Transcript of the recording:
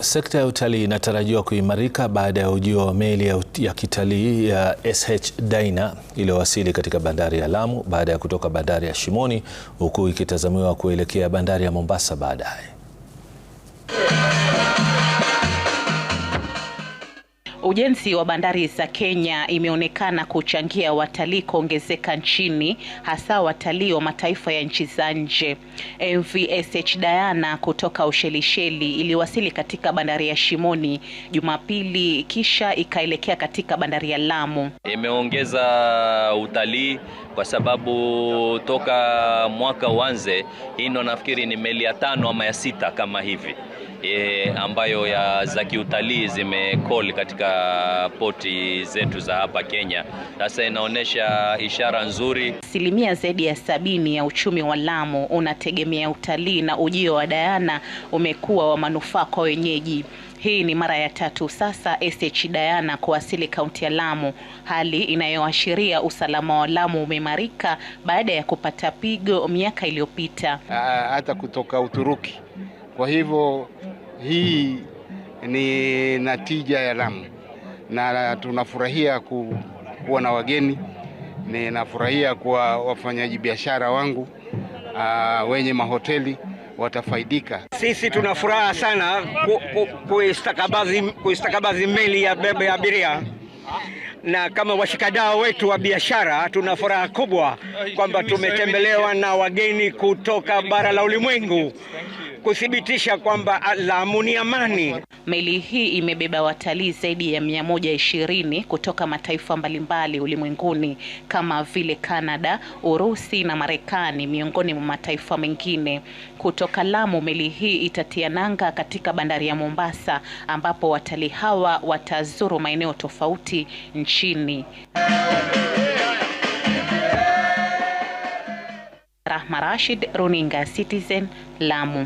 Sekta ya utalii inatarajiwa kuimarika baada ya ujio wa meli ya kitalii ya SH Daina iliyowasili katika bandari ya Lamu baada ya kutoka bandari ya Shimoni huku ikitazamiwa kuelekea bandari ya Mombasa baadaye. Ujenzi wa bandari za Kenya imeonekana kuchangia watalii kuongezeka nchini, hasa watalii wa mataifa ya nchi za nje. MVSH Diana kutoka Ushelisheli iliwasili katika bandari ya Shimoni Jumapili kisha ikaelekea katika bandari ya Lamu. Imeongeza utalii kwa sababu toka mwaka uanze hii, ndo nafikiri ni meli ya tano ama ya sita kama hivi e, ambayo ya za kiutalii zimekoli katika poti zetu za hapa Kenya. Sasa inaonyesha ishara nzuri. Asilimia zaidi ya sabini ya uchumi wa Lamu unategemea utalii na ujio wa Dayana umekuwa wa manufaa kwa wenyeji. Hii ni mara ya tatu sasa SH Dayana kuwasili kaunti ya Lamu, hali inayoashiria usalama wa Lamu umeimarika baada ya kupata pigo miaka iliyopita. Hata kutoka Uturuki kwa hivyo hii ni natija ya Lamu na tunafurahia kuwa na wageni. Ninafurahia kuwa wafanyaji biashara wangu uh, wenye mahoteli watafaidika. Sisi tuna furaha sana kuistakabadhi ku, ku kuistakabadhi meli ya bebe ya abiria na kama washikadao wetu wa biashara tuna furaha kubwa kwamba tumetembelewa na wageni kutoka bara la ulimwengu kuthibitisha kwamba Lamu ni amani. Meli hii imebeba watalii zaidi ya 120 kutoka mataifa mbalimbali ulimwenguni kama vile canada Urusi na Marekani miongoni mwa mataifa mengine. Kutoka Lamu, meli hii itatia nanga katika bandari ya Mombasa ambapo watalii hawa watazuru maeneo tofauti nchini. Rahma Rashid, Runinga Citizen, Lamu.